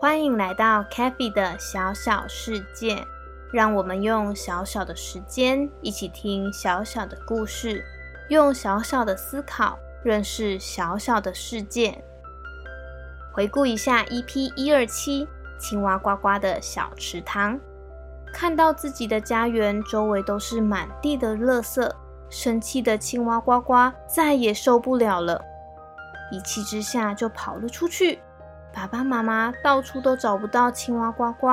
歡迎來到 Cafi 的小小世界，讓我們用小小的時間一起聽小小的故事，用小小的思考認識小小的世界。回顧一下 EP 一二七，青蛙呱呱的小池塘，看到自己的家園周圍都是滿地的垃圾，生氣的青蛙呱呱再也受不了了，一氣之下就跑了出去。爸爸媽媽到處都找不到青蛙呱呱，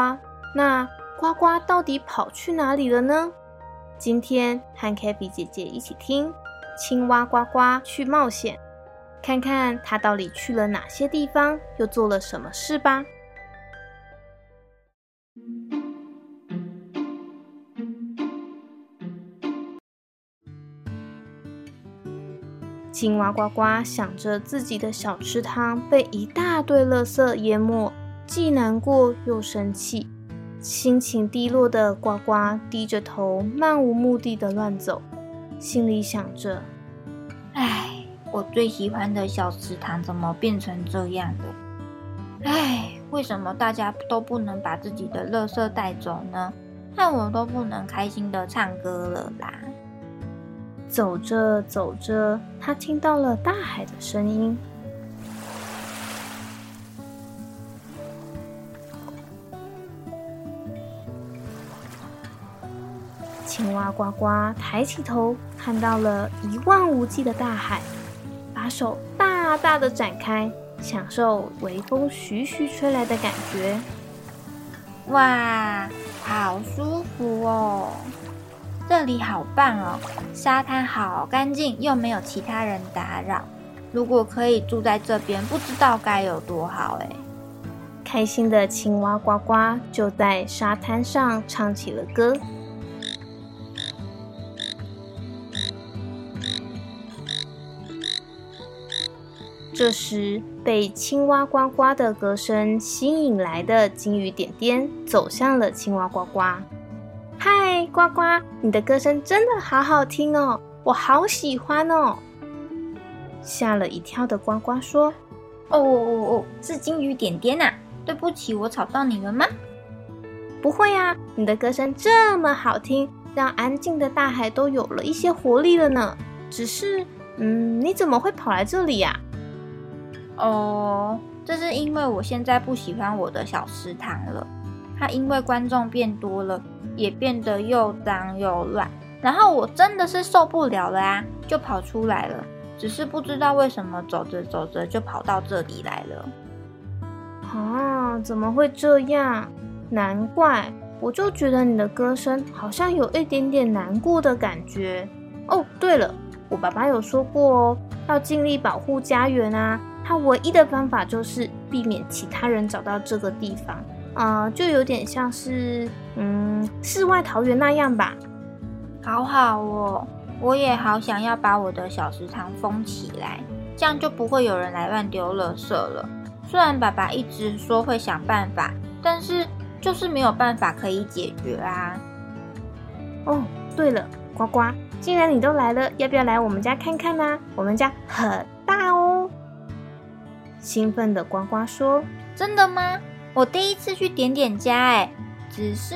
那呱呱到底跑去哪裡了呢？今天和 Cafi 姐姐一起聽《青蛙呱呱去冒險》，看看它到底去了哪些地方，又做了什麼事吧。青蛙呱呱想着自己的小池塘被一大堆垃圾淹沒，既難過又生氣，心情低落的呱呱低着頭，漫無目的的亂走，心裡想着：“唉，我最喜歡的小池塘怎麼變成這樣了？唉，為什麼大家都不能把自己的垃圾帶走呢？那我都不能開心的唱歌了啦。”走着走着，他聽到了大海的聲音。青蛙呱呱，抬起頭，看到了一望無際的大海，把手大大的展開，享受微風徐徐吹來的感覺。哇，好舒服哦！這裡好棒哦，沙灘好乾淨，又沒有其他人打擾。如果可以住在這邊，不知道該有多好哎！開心的青蛙呱呱就在沙灘上唱起了歌。這時，被青蛙呱呱的歌聲吸引來的金魚點點走向了青蛙呱呱。呱呱，你的歌聲真的好好聽哦，我好喜歡哦！嚇了一跳的呱呱說：“哦哦哦，哦，是金魚點點吶、啊，對不起，我吵到你了嗎？”“不會啊，你的歌聲這麼好聽，讓安靜的大海都有了一些活力了呢。只是，嗯，你怎麼會跑來這裡呀、啊？”“哦、呃，這是因為我現在不喜歡我的小池塘了。”因為觀眾變多了，也變得又髒又亂，然後我真的是受不了了啊，就跑出來了。只是不知道為什麼走着走着就跑到這裡來了。啊，怎麼會這樣？難怪，我就覺得你的歌聲好像有一點點難過的感覺。哦，對了，我爸爸有說過哦，要盡力保護家園啊。他唯一的方法就是避免其他人找到這個地方。嗯、呃，就有點像是嗯世外桃源那樣吧，好好哦，我也好想要把我的小池塘封起來，這樣就不會有人來亂丟垃圾了。雖然爸爸一直說會想辦法，但是就是沒有辦法可以解決啊。哦，對了，呱呱，既然你都來了，要不要來我們家看看啊？我們家很大哦。興奮的呱呱說：“真的嗎？”我第一次去點點家。欸，哎，只是，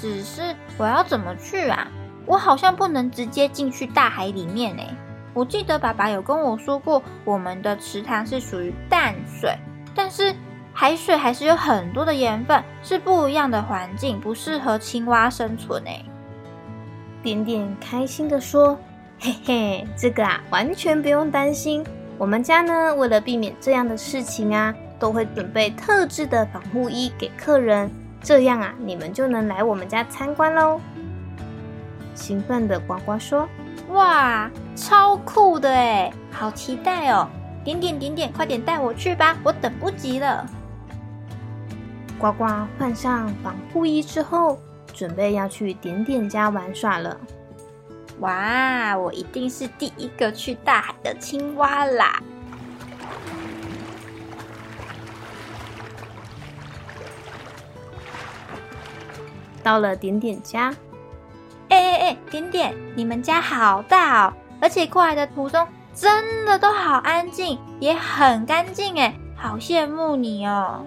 只是我要怎麼去啊？我好像不能直接進去大海裡面哎、欸。我記得爸爸有跟我說過，我們的池塘是屬於淡水，但是海水還是有很多的鹽分，是不一樣的環境，不適合青蛙生存呢、欸。點點開心的說：“嘿嘿，這個啊，完全不用擔心。我們家呢，為了避免這樣的事情啊。”都會準備特制的防護衣給客人，這樣啊，你們就能來我們家參觀嘍。興奮的呱呱說：“哇，超酷的耶，好期待哦！點點點點，快點帶我去吧，我等不及了。”呱呱換上防護衣之後，準備要去點點家玩耍了。哇，我一定是第一個去大海的青蛙啦！到了點點家，哎哎哎，點點，你們家好大哦！而且過來的途中真的都好安靜，也很乾淨哎，好羨慕你哦！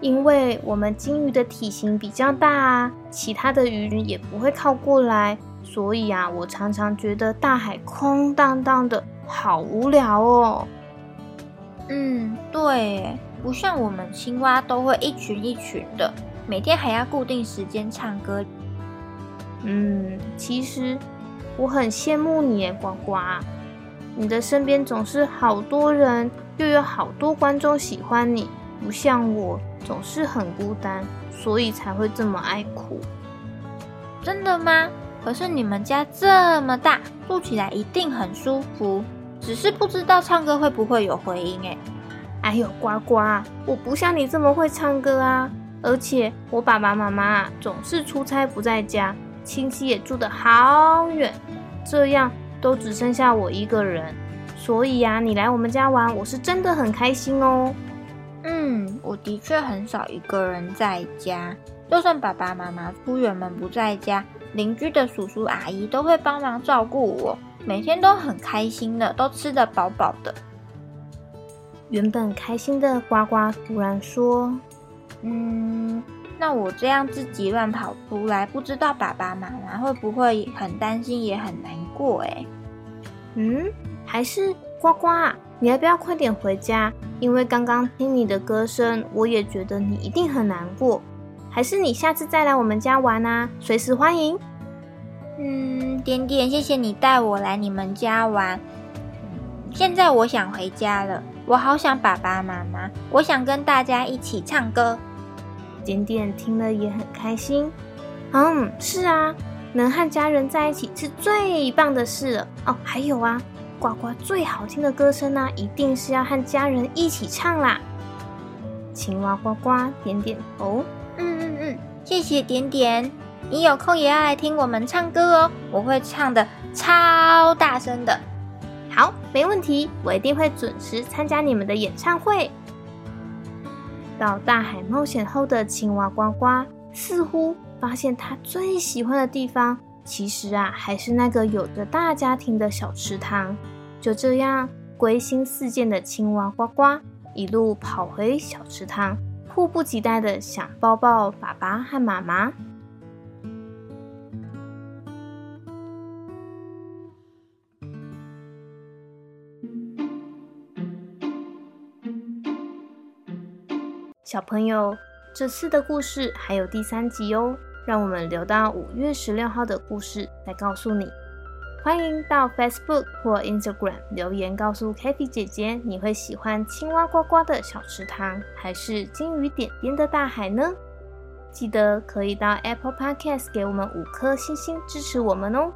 因為我們鯨魚的體型比較大，啊，其他的魚也不會靠過來，所以啊，我常常覺得大海空蕩蕩的好無聊哦。嗯，對，不像我們青蛙都會一群一群的。每天還要固定時間唱歌，嗯，其實我很羨慕你耶，呱呱，你的身邊總是好多人，又有好多觀眾喜歡你，不像我總是很孤單，所以才會這麼愛哭。真的嗎？可是你們家這麼大，住起來一定很舒服，只是不知道唱歌會不會有回音哎。哎呦，呱呱，我不像你這麼會唱歌啊。而且我爸爸媽媽、啊、總是出差不在家，親戚也住得好遠，這樣都只剩下我一個人。所以啊，你來我們家玩，我是真的很開心哦。嗯，我的確很少一個人在家，就算爸爸媽媽出遠門不在家，鄰居的叔叔阿姨都會幫忙照顧我，每天都很開心的，都吃得飽飽的。原本開心的呱呱突然說。嗯，那我這樣自己亂跑出來，不知道爸爸媽媽會不會很擔心，也很難過哎、欸。嗯，還是呱呱，你要不要快點回家？因為剛剛聽你的歌聲，我也覺得你一定很難過。還是你下次再來我們家玩啊，隨時歡迎。嗯，點點，謝謝你帶我來你們家玩。嗯，現在我想回家了，我好想爸爸媽媽，我想跟大家一起唱歌。點點聽了也很開心，嗯，是啊，能和家人在一起是最棒的事了哦，還有啊，呱呱最好聽的歌聲呢，啊，一定是要和家人一起唱啦。青蛙呱呱點點頭，嗯嗯嗯，謝謝點點，你有空也要來聽我們唱歌哦，我會唱的超大聲的。好，沒問題，我一定會準時參加你們的演唱會。到大海冒險後的青蛙呱呱似乎發現他最喜歡的地方，其實啊，還是那個有着大家庭的小池塘。就這樣，歸心似箭的青蛙呱呱，一路跑回小池塘，迫不及待地想抱抱爸爸和媽媽。小朋友，這次的故事還有第三集哦，讓我們留到五月十六號的故事再告訴你。歡迎到 Facebook 或 Instagram 留言告訴 Cafi 姐姐，你會喜歡青蛙呱呱的小池塘，還是鯨魚點點的大海呢？記得可以到 Apple Podcast 給我們五顆星星支持我們哦。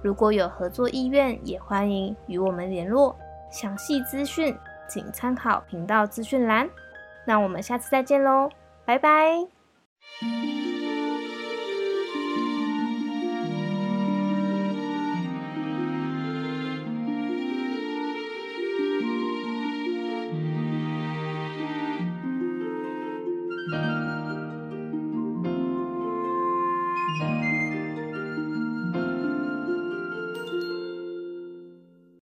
如果有合作意願，也歡迎與我們聯絡。詳細資訊請參考頻道資訊欄。那我們下次再見嘍，拜拜。